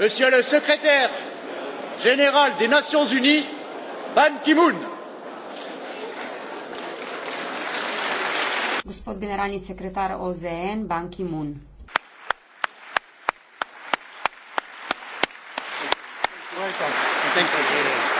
monsieur le secrétaire général des nations unies ban ki moon. gospod generalni sekretar OZN Ban Ki-moon. Thank you.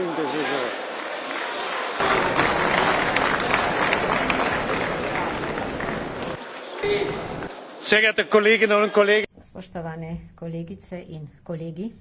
in države. Sehr geehrte Kolleginnen und Kollegen, spoštovane kolegice in kolegi.